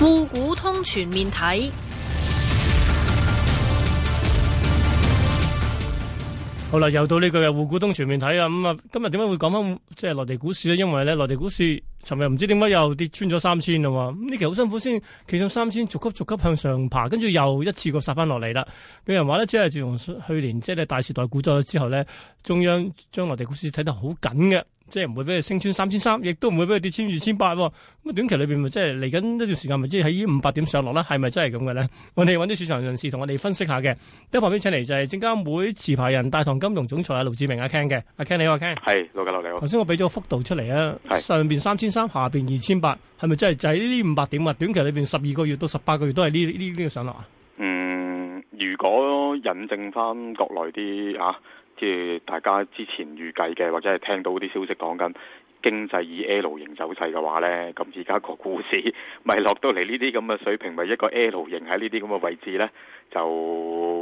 滬股通全面睇，好啦，又到呢個嘅滬股通全面睇啦。咁、嗯、啊，今日點解會講翻即係內地股市咧？因為咧，內地股市。尋日唔知點解又跌穿咗三千啦嘛，呢期好辛苦先企上三千，逐級逐級向上爬，跟住又一次過殺翻落嚟啦。有人話呢，即係自從去年即係大時代股災之後呢，中央將內地股市睇得好緊嘅，即係唔會俾佢升穿三千三，亦都唔會俾佢跌穿二千八。咁短期裏邊，即係嚟緊一段時間，即係喺五百點上落啦，係咪真係咁嘅呢？我哋揾啲市場人士同我哋分析下嘅，一旁邊請嚟就係證監會持牌人大唐金融總裁阿盧志明阿 Ken 嘅，阿、啊、Ken 你、啊、好 Ken？係盧家樂你好。頭先我俾咗個幅度出嚟啊，是上邊三千。三下邊二千八，係咪真係就喺呢五百點啊？短期裏邊十二個月到十八個月都係呢呢呢個上落啊？嗯，如果引證翻國內啲啊，即係大家之前預計嘅，或者係聽到啲消息講緊。經濟以 L 型走勢嘅話呢，咁而家個股市咪落到嚟呢啲咁嘅水平，咪一個 L 型喺呢啲咁嘅位置呢，就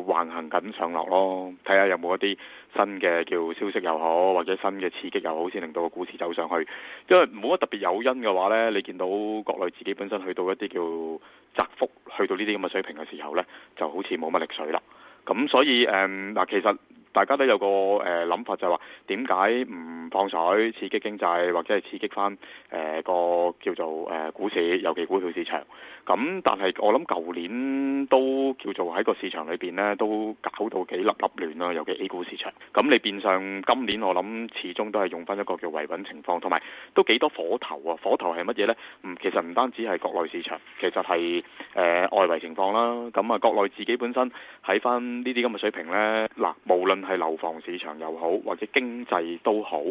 橫行緊上落咯。睇下有冇一啲新嘅叫消息又好，或者新嘅刺激又好，先令到個股市走上去。因為冇乜特別誘因嘅話呢，你見到國內自己本身去到一啲叫窄幅，去到呢啲咁嘅水平嘅時候呢，就好似冇乜力水啦。咁所以誒，嗱、嗯，其實大家都有個誒諗法就係話，點解唔？放水刺激經濟，或者係刺激翻誒個叫做誒股市，尤其股票市場。咁但係我諗舊年都叫做喺個市場裏邊呢，都搞到幾笠笠亂咯，尤其 A 股市場。咁你變相今年我諗始終都係用翻一個叫維穩情況，同埋都幾多火頭啊！火頭係乜嘢呢？唔其實唔單止係國內市場，其實係誒外圍情況啦。咁啊，國內自己本身喺翻呢啲咁嘅水平呢，嗱，無論係樓房市場又好，或者經濟都好。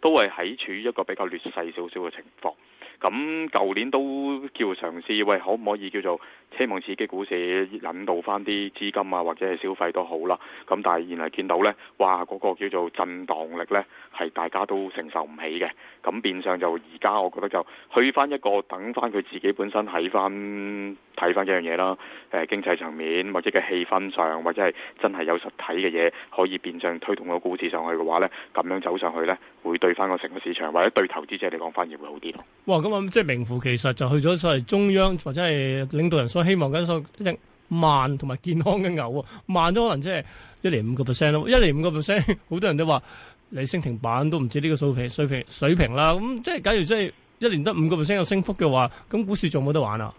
都係喺處於一個比較劣勢少少嘅情況，咁舊年都叫嘗試喂，可唔可以叫做奢望刺激股市，引導翻啲資金啊，或者係消費都好啦。咁但係原來見到呢，哇，嗰、嗰個叫做震盪力呢，係大家都承受唔起嘅。咁變相就而家我覺得就去翻一個等翻佢自己本身喺翻。睇翻幾樣嘢咯，誒、呃、經濟層面或者嘅氣氛上，或者係真係有實體嘅嘢可以變相推動個股市上去嘅話咧，咁樣走上去咧，會對翻個成個市場或者對投資者嚟講，反而會好啲咯。哇！咁啊，即係名副其實就去咗所謂中央或者係領導人所希望緊一種慢同埋健康嘅牛啊，慢都可能即係一年五個 percent 咯，一年五個 percent 好多人都話你升停板都唔知呢個數平水平水平啦。咁即係假如即係一年得五個 percent 有升幅嘅話，咁股市仲冇得玩啊！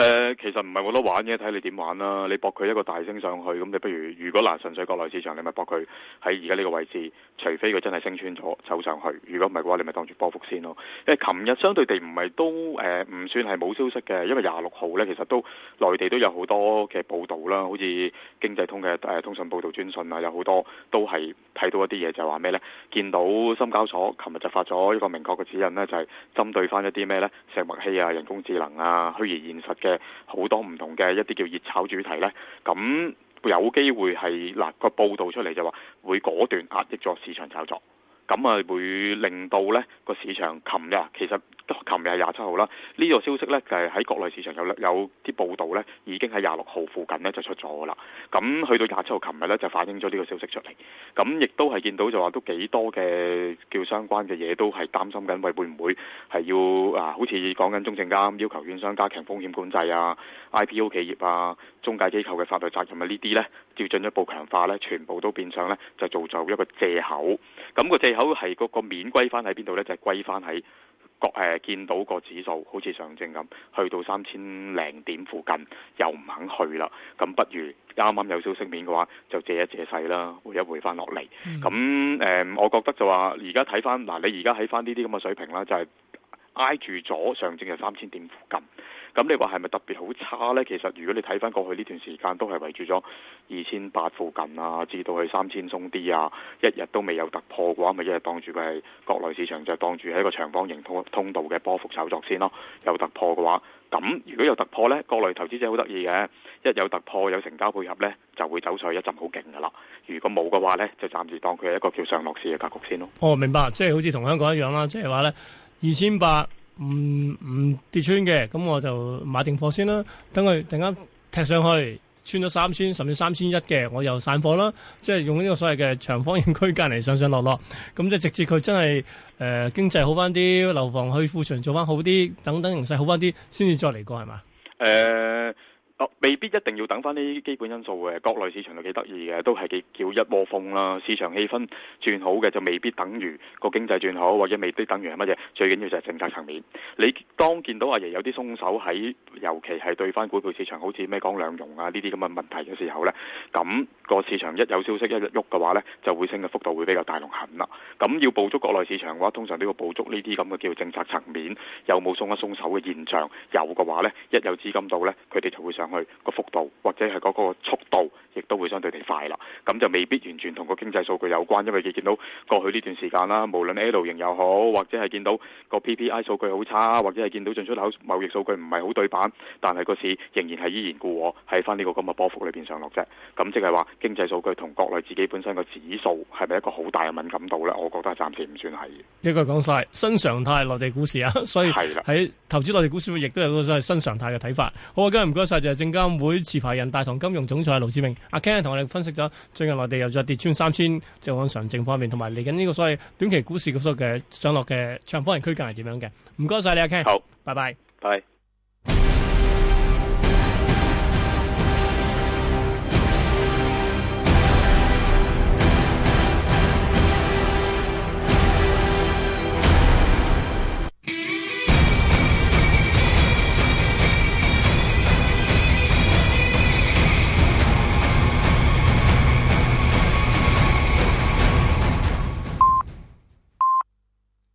誒、呃，其實唔係冇得玩嘅，睇你點玩啦、啊。你博佢一個大升上去，咁你不如如果嗱純、呃、粹國內市場，你咪博佢喺而家呢個位置。除非佢真係升穿咗走上去，如果唔係嘅話，你咪當住波幅先咯、呃呃。因為琴日相對地唔係都誒，唔算係冇消息嘅。因為廿六號呢，其實都內地都有好多嘅報道啦，好似經濟通嘅誒、呃、通訊報道專訊啊，有好多都係睇到一啲嘢，就係話咩呢？見到深交所琴日就發咗一個明確嘅指引呢，就係、是、針對翻一啲咩呢？石墨烯啊、人工智能啊、虛擬現實嘅。好多唔同嘅一啲叫熱炒主題咧，咁有機會係嗱個報道出嚟就話會果斷壓抑咗市場炒作，咁啊會令到咧個市場琴日其實。琴日係廿七號啦。呢、這個消息呢，就係、是、喺國內市場有有啲報道呢，已經喺廿六號附近呢就出咗噶啦。咁去到廿七號，琴日呢，就反映咗呢個消息出嚟。咁亦都係見到就話都幾多嘅叫相關嘅嘢都係擔心緊，喂會唔會係要啊？好似講緊中證監要求券商加強風險管制啊、IPO 企業啊、中介機構嘅法律責任啊呢啲呢？要進一步強化呢，全部都變相呢，就造就一個借口。咁、這個借口係嗰、這個免歸翻喺邊度呢？就係歸翻喺。個誒見到個指數好似上證咁，去到三千零點附近又唔肯去啦，咁不如啱啱有消息面嘅話，就借一借勢啦，回一回翻落嚟。咁誒、嗯呃，我覺得就話而家睇翻嗱，你而家睇翻呢啲咁嘅水平啦，就係、是、挨住咗上證嘅三千點附近。咁你話係咪特別好差呢？其實如果你睇翻過去呢段時間，都係圍住咗二千八附近啊，至到去三千鬆啲啊，一日都未有突破嘅話，咪一日當住佢係國內市場就當住係一個長方形通通道嘅波幅炒作先咯。有突破嘅話，咁如果有突破呢，國內投資者好得意嘅，一有突破有成交配合呢，就會走上去一陣好勁㗎啦。如果冇嘅話呢，就暫時當佢係一個叫上落市嘅格局先咯。哦，明白，即係好似同香港一樣啦，即係話呢。二千八。唔唔、嗯、跌穿嘅，咁我就買定貨先啦。等佢突然間踢上去，穿咗三千，甚至三千一嘅，我又散貨啦。即係用呢個所謂嘅長方形區間嚟上上落落。咁即係直至佢真係，誒、呃、經濟好翻啲，樓房去庫存做翻好啲，等等形勢好翻啲，先至再嚟過係嘛？誒。呃哦，未必一定要等翻呢基本因素嘅國內市場都幾得意嘅，都係幾叫一窩蜂啦。市場氣氛轉好嘅就未必等於個經濟轉好，或者未必等於係乜嘢。最緊要就係政策層面。你當見到阿爺有啲鬆手喺，尤其係對翻股票市場好似咩講兩融啊呢啲咁嘅問題嘅時候呢，咁個市場一有消息一喐嘅話呢，就會升嘅幅度會比較大龍痕啦。咁要捕捉國內市場嘅話，通常都要捕捉呢啲咁嘅叫政策層面有冇鬆一鬆手嘅現象，有嘅話呢，一有資金到呢，佢哋就會上。佢個幅度或者係嗰個速度，亦都會相對地快啦。咁就未必完全同個經濟數據有關，因為你見到過去呢段時間啦，無論 L 型又好，或者係見到個 PPI 數據好差，或者係見到進出口貿易數據唔係好對版，但係個市仍然係依然故我喺翻呢個咁嘅波幅裏邊上落啫。咁即係話經濟數據同國內自己本身個指數係咪一個好大嘅敏感度呢？我覺得暫時唔算係。一個講晒新常態內地股市啊，所以係啦，喺投資內地股市會亦都有個新常態嘅睇法。好啊，今日唔該晒。證監會持牌人大唐金融總裁盧志明，阿 Ken 同我哋分析咗最近內地又再跌穿三千，就往上證方面，同埋嚟緊呢個所謂短期股市嘅數嘅上落嘅長方形區間係點樣嘅？唔該晒你，阿 Ken。好，拜拜。拜，拜。拜拜。